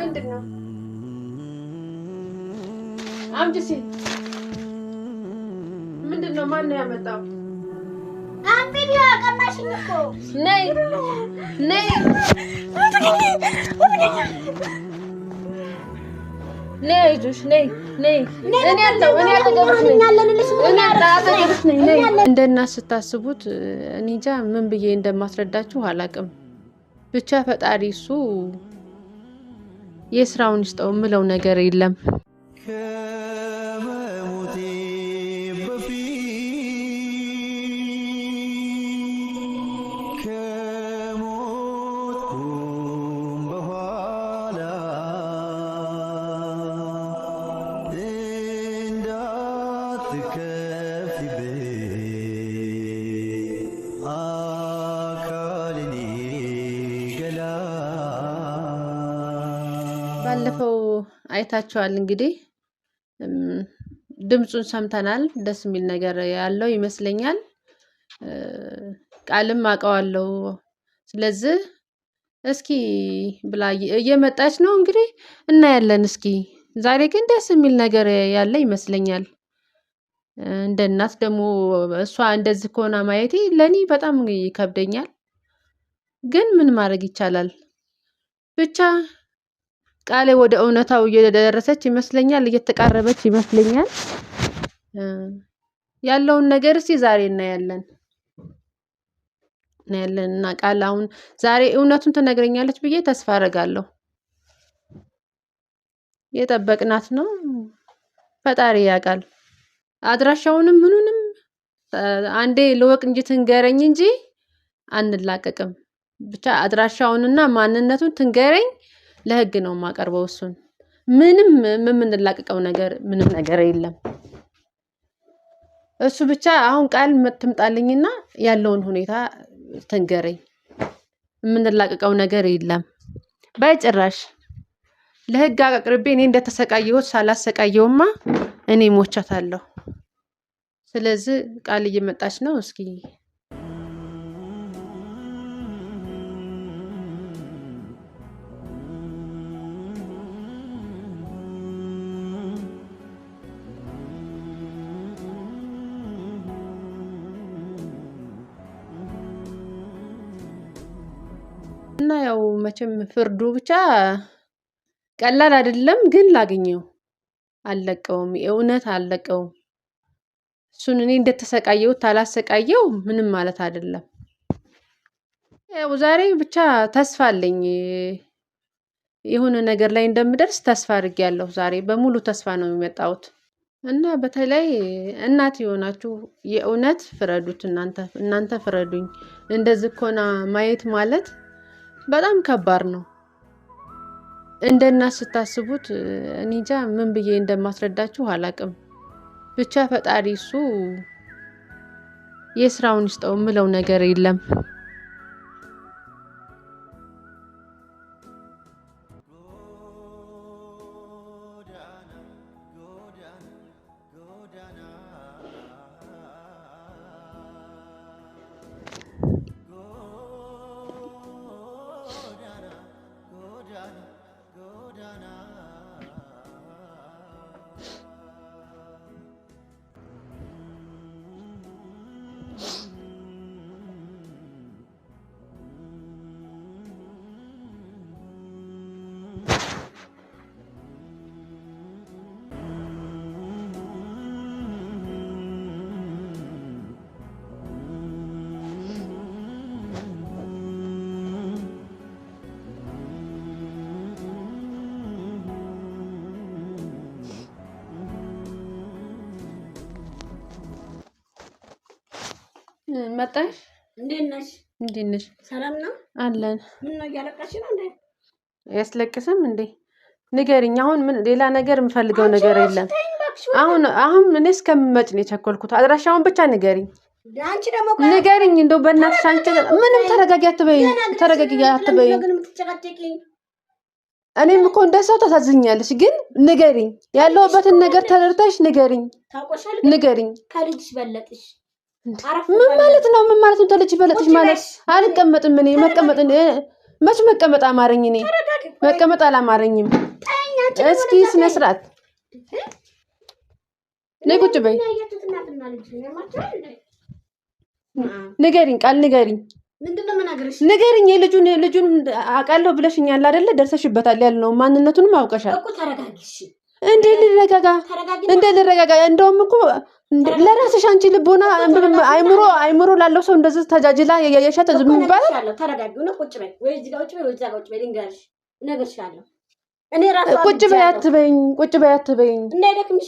ምንድን ነው? አምጪ ሲል ምንድን ነው? ማነው ያመጣው? ነይ ነይ ነይ እኔ እኔ እንደ እናት ስታስቡት እኔ እንጃ ምን ብዬ እንደማስረዳችሁ አላውቅም። ብቻ ፈጣሪ እሱ የስራውን ይስጠው የምለው ነገር የለም። ባለፈው አይታቸዋል እንግዲህ ድምፁን ሰምተናል። ደስ የሚል ነገር ያለው ይመስለኛል። ቃልም አውቀዋለሁ። ስለዚህ እስኪ ብላ እየመጣች ነው እንግዲህ እናያለን። እስኪ ዛሬ ግን ደስ የሚል ነገር ያለ ይመስለኛል። እንደ እናት ደግሞ እሷ እንደዚህ ከሆነ ማየቴ ለእኔ በጣም ይከብደኛል። ግን ምን ማድረግ ይቻላል ብቻ ቃሌ ወደ እውነታው እየደረሰች ይመስለኛል፣ እየተቃረበች ይመስለኛል። ያለውን ነገር እስቲ ዛሬ እናያለን እናያለን እና ቃል አሁን ዛሬ እውነቱን ትነግረኛለች ብዬ ተስፋ አደርጋለሁ። የጠበቅናት ነው። ፈጣሪ ያውቃል። አድራሻውንም ምኑንም አንዴ ልወቅ እንጂ ትንገረኝ እንጂ አንላቀቅም። ብቻ አድራሻውንና ማንነቱን ትንገረኝ። ለህግ ነው የማቀርበው። እሱን ምንም የምንላቀቀው ነገር ምንም ነገር የለም። እሱ ብቻ አሁን ቃል ትምጣልኝና ያለውን ሁኔታ ትንገረኝ። የምንላቀቀው ነገር የለም በጭራሽ። ለህግ አቅርቤ እኔ እንደተሰቃየሁት ሳላሰቃየውማ እኔ ሞቻታለሁ። ስለዚህ ቃል እየመጣች ነው እስኪ መቼም ፍርዱ ብቻ ቀላል አይደለም፣ ግን ላገኘው አልለቀውም። የእውነት አልለቀውም። እሱን እኔ እንደተሰቃየው አላሰቃየው ምንም ማለት አይደለም። ያው ዛሬ ብቻ ተስፋ አለኝ የሆነ ነገር ላይ እንደምደርስ ተስፋ አድርጌያለሁ። ዛሬ በሙሉ ተስፋ ነው የሚመጣሁት እና በተለይ እናት የሆናችሁ የእውነት ፍረዱት። እናንተ እናንተ ፍረዱኝ። እንደዚህ ኮና ማየት ማለት በጣም ከባድ ነው። እንደ እናት ስታስቡት እኔጃ ምን ብዬ እንደማስረዳችሁ አላቅም። ብቻ ፈጣሪ እሱ የስራውን ይስጠው ምለው ነገር የለም። መጣሽ? እንዴት ነሽ? እንዴት ነሽ? ሰላም ነው አለን። ምን ነው እያለቀሽ ነው እንዴ? አያስለቅስም እንዴ? ንገሪኝ። አሁን ምን ሌላ ነገር የምፈልገው ነገር የለም። አሁን አሁን እኔ እስከምመጭ ነው የቸኮልኩት። አድራሻውን ብቻ ንገሪኝ ንገሪኝ። እንደው በእናትሽ አንቺ ምንም ተረጋጊ አትበይኝ፣ ተረጋጊ አትበይኝ። እኔም እኮ እንደ ሰው ታሳዝኛለሽ፣ ግን ንገሪኝ። ያለሁበትን ነገር ተረድተሽ ንገሪኝ፣ ንገሪኝ። ከልጅሽ በለጥሽ ምን ማለት ነው? ምን ማለት ነው? ተልጅ በለጥሽ ማለት አልቀመጥም። እኔ መቀመጥ መች መቀመጥ አማረኝ። እኔ መቀመጥ አላማረኝም። እስኪ ስነ ስርዓት ነይ፣ ቁጭ በይ። ንገሪኝ፣ ቃል ንገሪኝ፣ ንገሪኝ። ልጁን ልጁን አውቃለሁ ብለሽኛል አይደለ? ደርሰሽበታል ነው ማንነቱንም አውቀሻል። እንዴ ልረጋጋ? እንዴ ልረጋጋ? እንደውም እኮ ለራስሽ አንቺ ልቦና አይምሮ አይምሮ ላለው ሰው እንደዚህ ተጃጅላ የሸጠ ዝም ይባል። ቁጭ በይ አትበይኝ፣ ቁጭ በይ አትበይኝ።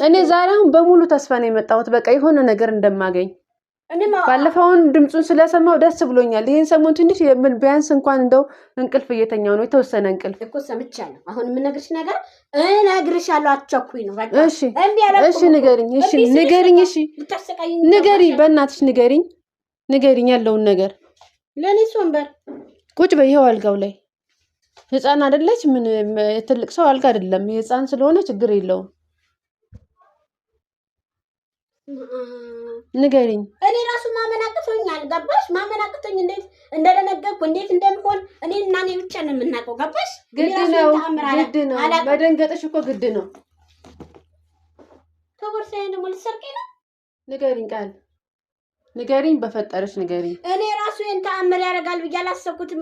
እኔ ዛሬ አሁን በሙሉ ተስፋ ነው የመጣሁት፣ በቃ የሆነ ነገር እንደማገኝ ባለፈውን ድምፁን ስለሰማው ደስ ብሎኛል። ይህን ሰሞን ትንሽ የምን ቢያንስ እንኳን እንደው እንቅልፍ እየተኛው ነው የተወሰነ እንቅልፍ እኮ ሰምቻለሁ። አሁን የምነግርሽ ነገር እነግርሻለሁ። ነው። እሺ፣ እሺ፣ ንገሪኝ። እሺ፣ ንገሪኝ። እሺ፣ ንገሪኝ። በእናትሽ ንገሪኝ፣ ንገሪኝ ያለውን ነገር። ለእኔ ወንበር ቁጭ በየው አልጋው ላይ ህፃን አይደለች። ምን ትልቅ ሰው አልጋ አይደለም። ህፃን ስለሆነ ችግር የለውም። ንገሪኝ። እኔ ራሱ ማመን አቅቶኛል። ገባሽ? ማመን አቅቶኝ እንዴት እንደደነገኩ እንዴት እንደምሆን እኔ እና እኔ ብቻ ነው የምናውቀው። ገባሽ? ግድ ነው፣ ግድ ነው። መደንገጥሽ እኮ ግድ ነው። ከቦርሳዬ ደግሞ ልትሰርቂ ነው? ንገሪኝ ቃል ንገሪኝ በፈጠረች ንገሪኝ። እኔ ራሱ ይህን ተአምር ያደርጋል ብዬ ያላሰብኩት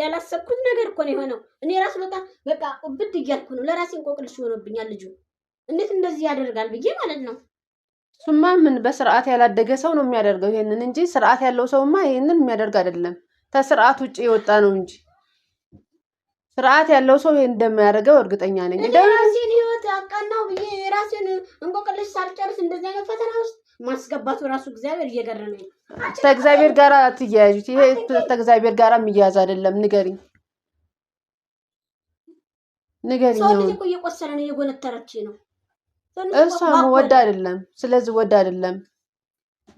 ያላሰብኩት ነገር እኮ ነው የሆነው። እኔ ራሱ በቃ በቃ ብድ እያልኩ ነው። ለራሴ እንቆቅልሽ ሆኖብኛል። ልጁ እንዴት እንደዚህ ያደርጋል ብዬ ማለት ነው። እሱማ ምን በስርዓት ያላደገ ሰው ነው የሚያደርገው ይሄንን እንጂ ስርዓት ያለው ሰውማ ይሄንን የሚያደርግ አይደለም። ከስርዓት ውጭ የወጣ ነው እንጂ ስርዓት ያለው ሰው ይሄን እንደማያደርገው እርግጠኛ ነኝ። ራሴን ህይወት አቃናው ብዬ ራሴን እንቆቅልሽ ሳልጨርስ እንደዚህ አይነት ፈተና ውስጥ ማስገባቱ ራሱ እግዚአብሔር እየገረመኝ ከእግዚአብሔር ጋር አትያያዥት። ይሄ ከእግዚአብሔር ጋር የሚያያዝ አይደለም። ንገሪኝ ንገሪኝ። ሰው ልጅ እኮ እየቆሰለ ነው፣ እየጎነተረች ነው እሷም ወድ አይደለም። ስለዚህ ወድ አይደለም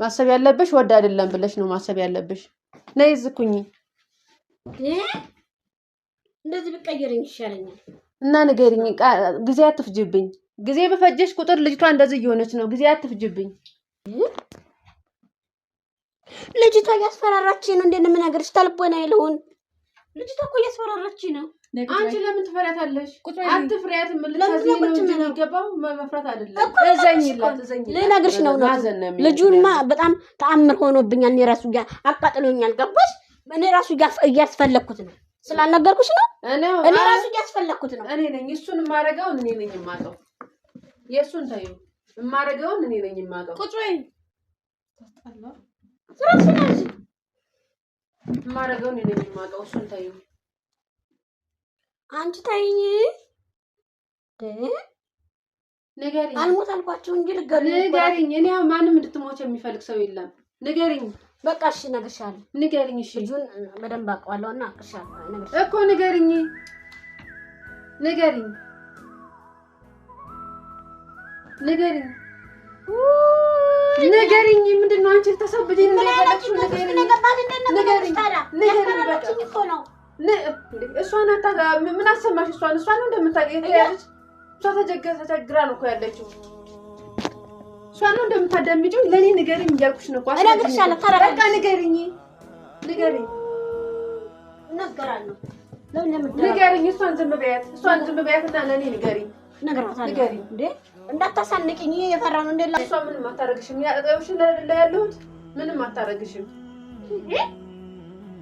ማሰብ ያለብሽ ወድ አይደለም ብለሽ ነው ማሰብ ያለብሽ። ነይ ዝኩኝ እንደዚህ ብቀየርኝ ይሻለኛል። እና ንገሪኝ፣ ጊዜ አትፍጅብኝ። ጊዜ በፈጀሽ ቁጥር ልጅቷ እንደዚህ እየሆነች ነው። ጊዜ አትፍጅብኝ። ልጅቷ እያስፈራራች ነው። እንደምን ነገር ስታልቦና ይለውን ልጅቷ እኮ እያስፈራራች ነው። አንቺ ለምን ትፈሪያታለሽ? አትፍሪያት። የሚገባው መፍራት አይደለም። ልነግርሽ ነው ነው ልጁንማ በጣም ተአምር ሆኖብኛል። እኔ ራሱ አቃጥሎኛል። ገባሽ? እኔ ራሱ እያስፈለግኩት ነው ስላልነገርኩሽ ነው። እኔ ራሱ እያስፈለግኩት ነው። እኔ ነኝ እሱን የማደርገውን እኔ ነኝ የማውቀው። የእሱን ታዩ የማደርገውን እኔ ነኝ የማውቀው። ቁጭ በይ ስራ ስናዝ የማደርገውን እኔ ነኝ የማውቀው። እሱን ታዩ አንቺ ታይኝ ንገሪኝ። አልሞት አልኳቸው እንጂ ልገሉ ንገሪኝ። እኔ ማንም እንድትሞች የሚፈልግ ሰው የለም። ንገሪኝ በቃ እሺ፣ እነግርሻለሁ። ንገሪኝ እሺ። ልጁን በደንብ አውቀዋለሁ እና አውቅሻለሁ እኮ ንገሪኝ፣ ንገሪኝ፣ ንገሪኝ፣ ንገሪኝ። ምንድን ነው አንቺ ልታሳብጂኝ? ምን አይነት ነገር ማለት ነው እሷን ምን አሰማሽ? እሷን እሷን ነው እንደምታውቂው የተያዘች እሷ ተቸግራ ነው እኮ ያለችው። እሷን ነው እንደምታዳምጪው። ለእኔ ንገሪኝ እያልኩሽ ነው። በቃ ንገሪኝ፣ ንገሪኝ፣ ንገሪኝ። እሷን ዝም በያት፣ እሷን ዝም በያት እና ለእኔ ንገሪኝ፣ ንገሪኝ። እንዳታሳንቂኝ ነው። እንደ እሷ ምንም አታረግሽም። ያጠብሽ ያለሁት ምንም አታረግሽም።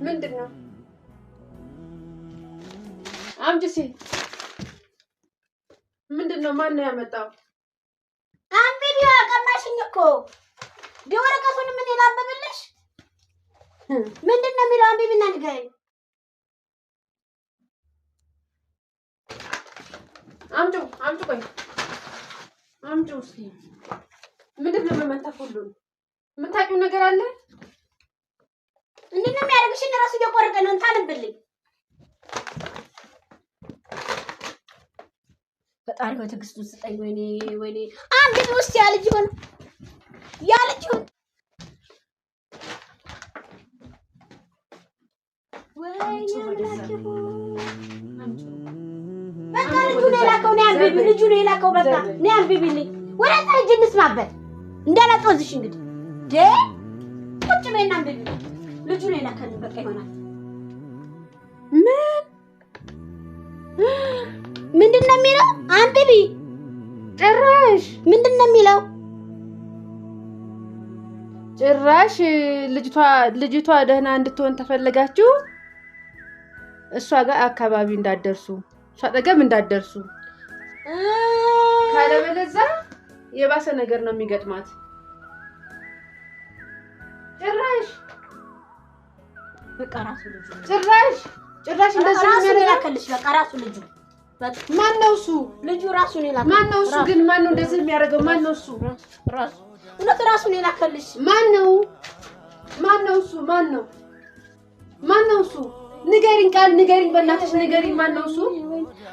ምንድን ነው አምጪ ሲል ምንድን ነው? ማን ነው ያመጣው? አንቢቢ ያቀማሽኝ እኮ ወረቀቱን ምን ይላበብልሽ? ምንድን ነው የሚለው? ምን አንገኝ አምጩ አምጩ፣ ቆይ አምጩ። እስኪ ምንድን ነው መመንተፍ? ሁሉን የምታውቂው ነገር አለ። ምንድን ነው የሚያደርግሽ? እራሱ እየቆረጠ ነው። እንታልብልኝ ፈጣሪ ሆይ ትዕግስቱን ስጠኝ። ወይኔ ወይኔ፣ አንድ ውስጥ ያ ልጅ ይሆን ያ ልጅ ይሆን በቃ ልጁ ነው የላከው። እኔ አንብቢ ልጁ ነው የላከው። በቃ እኔ አንብቢልኝ። ወደዛ ልጅ እንስማበት። እንዳላጦዝሽ እንግዲህ ቁጭ በይና አንብቢ። ልጁ ነው የላከልን። በቃ ይሆናል ምንድን ነው የሚለው? አንብቢ። ጭራሽ ምንድን ነው የሚለው? ጭራሽ ልጅቷ ልጅቷ ደህና እንድትሆን ተፈለጋችሁ እሷ ጋር አካባቢ እንዳደርሱ እሷ አጠገብ እንዳደርሱ ካለበለዛ የባሰ ነገር ነው የሚገጥማት። ጭራሽ ጭራሽ ጭራሽ እንደዚህ ነው የሚያደርጋት። በቃ ራሱ ልጁ ማን ነው እሱ? ልጁ ራሱን የላከ ማን ነው እሱ? ግን ማን ነው እንደዚህ የሚያደርገው? ማን ነው እሱ? ራሱ እውነት ራሱን የላከልሽ ማን ነው? ማን ነው እሱ? ማን ነው? ማን ነው እሱ? ንገሪኝ፣ ቃል ንገሪኝ፣ በእናትሽ ንገሪኝ። ማን ነው እሱ?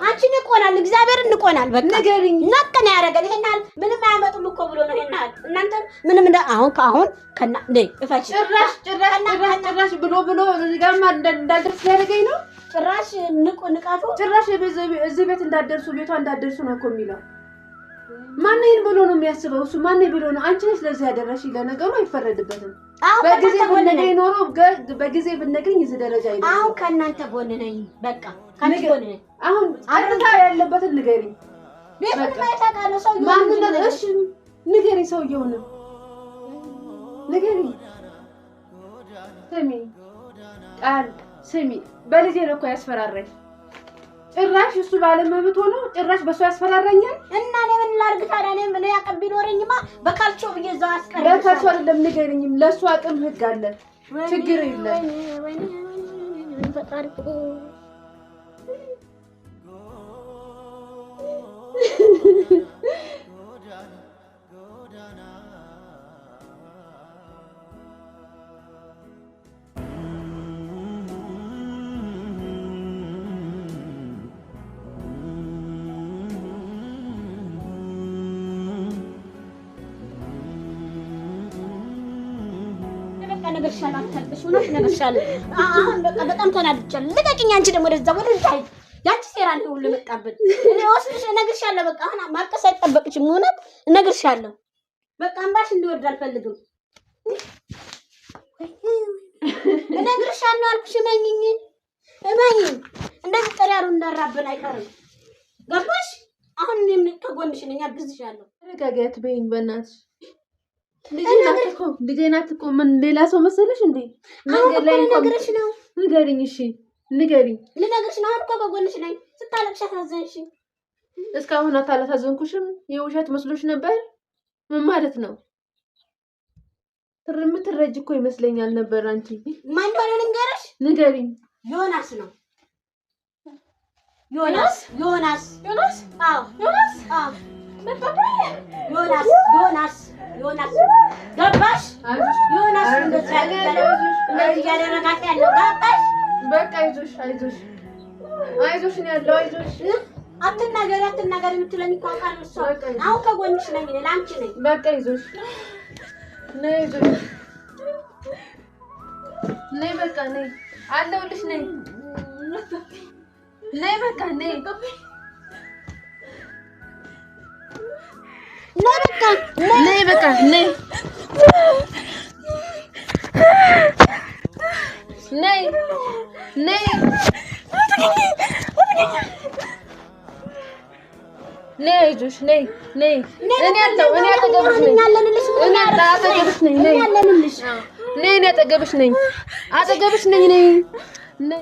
አንቺ ንቆናል፣ እግዚአብሔር እንቆናል። በቃ ንገሪኝ። ነቅ ነው ያደረገን። ይሄን ምንም አያመጡም እኮ ብሎ ነው። ይሄን እናንተ ምንም እንደ አሁን ከአሁን ከና እንደ እፋች ጭራሽ ጭራሽ ጭራሽ ብሎ ብሎ ጋማ እንዳልደርስ ያደረገኝ ነው ጭራሽ ንቁ ንቃቱ ጭራሽ እዚህ ቤት እንዳደርሱ ቤቷ እንዳደርሱ ነው እኮ የሚለው። ማን ይህን ብሎ ነው የሚያስበው? እሱ ማን ብሎ ነው? አንቺ ነሽ ለዚህ ያደረሽ። ለነገሩ አይፈረድበትም። በጊዜ ብነግረኝ ኖሮ በጊዜ ብነገኝ እዚህ ደረጃ ይደ አሁን ከእናንተ ጎን ነኝ። በቃ ከአንቺ ጎን አሁን አርታ ያለበትን ንገሪኝ። ቤቱን ማየት አውቃለሁ። ሰው ማንነት እሺ፣ ንገሪኝ። ሰውየው ነው ንገሪ። ስሚ ቃል ስሚ በልጄ ነው እኮ ያስፈራራኝ። ጭራሽ እሱ ባለመብት ሆኖ ጭራሽ በእሱ ያስፈራራኛል። እና እኔ ምን ላድርግ ታዲያ? እኔ ምን ያቀብ ቢኖረኝማ በካልቾ ብዬ እዛው አስቀር። ለካልቾ አይደለም ንገረኝም። ለእሱ አቅም ህግ አለ። ችግር የለም። ፈጣሪ ነበርሻል አታልበሽ ሆነ ነበርሻል። አሁን በቃ በጣም ተናድቻለሁ። ልቀቂኝ። አንቺ ደግሞ ወደዛ ወደዛ ያቺ ሴራ ነው ሁሉ መጣበት። እኔ ወስልሽ እነግርሻለሁ። በቃ አሁን ማልቀስ አይጠበቅሽም። እውነት እነግርሻለሁ። በቃ እምባሽ እንዲወርድ አልፈልግም። እነግርሻለሁ አልኩሽ። እመኝኝ፣ እመኝኝ። እንደዚህ ጠሪያሩ እንዳራብን አይቀርም። ገባሽ? አሁን እኔም ከጎንሽ ነኝ፣ አግዝሻለሁ። ረጋጋት በይኝ በእናትሽ ልጄ ናት እኮ ምን ሌላ ሰው መሰለሽ እንዴ? መንገድ ላይ ነገርሽ ነው። ንገሪኝ። እሺ ንገሪኝ። ልነግርሽ ነው። አሁን እኮ በጎንሽ ነኝ። ስታለቅሽ አሳዘንሽ። እስካሁን አታላሳዘንኩሽም። የውሸት መስሎሽ ነበር። ምን ማለት ነው? ትርም ትረጅ እኮ ይመስለኛል ነበር። አንቺ ማን እንደሆነ ልንገርሽ? ንገሪኝ። ዮናስ ነው። ዮናስ ዮናስ ዮናስ። አዎ ዮናስ። አዎ ዮናስ ዮናስ ዮናስ ገባሽ? ዮናስ እንደዚህ እያደረጋት ያለው ገባሽ? በቃ አይዞሽ አይዞሽ አይዞሽ ነው ያለው። አይዞሽ አትናገሪ አትናገሪ የምትለኝ እኮ አውቃለሁ። እሷ አሁን ከጎንሽ ነኝ እኔ ለአንቺ ነኝ። በቃ ይዞሽ ነይ፣ ይዞሽ ነይ፣ በቃ ነይ፣ አለሁልሽ፣ ነይ፣ ነይ፣ በቃ ነይ በቃ ነይ፣ በቃ ነይ፣ ነይ፣ ነይ፣ ነይ፣ አይዞሽ፣ ነይ፣ ነይ፣ እኔ አለው፣ እኔ አጠገብሽ ነኝ፣ እኔ አጠገብሽ ነኝ፣ ነይ፣ እኔ አጠገብሽ ነኝ፣ አጠገብሽ ነኝ፣ ነይ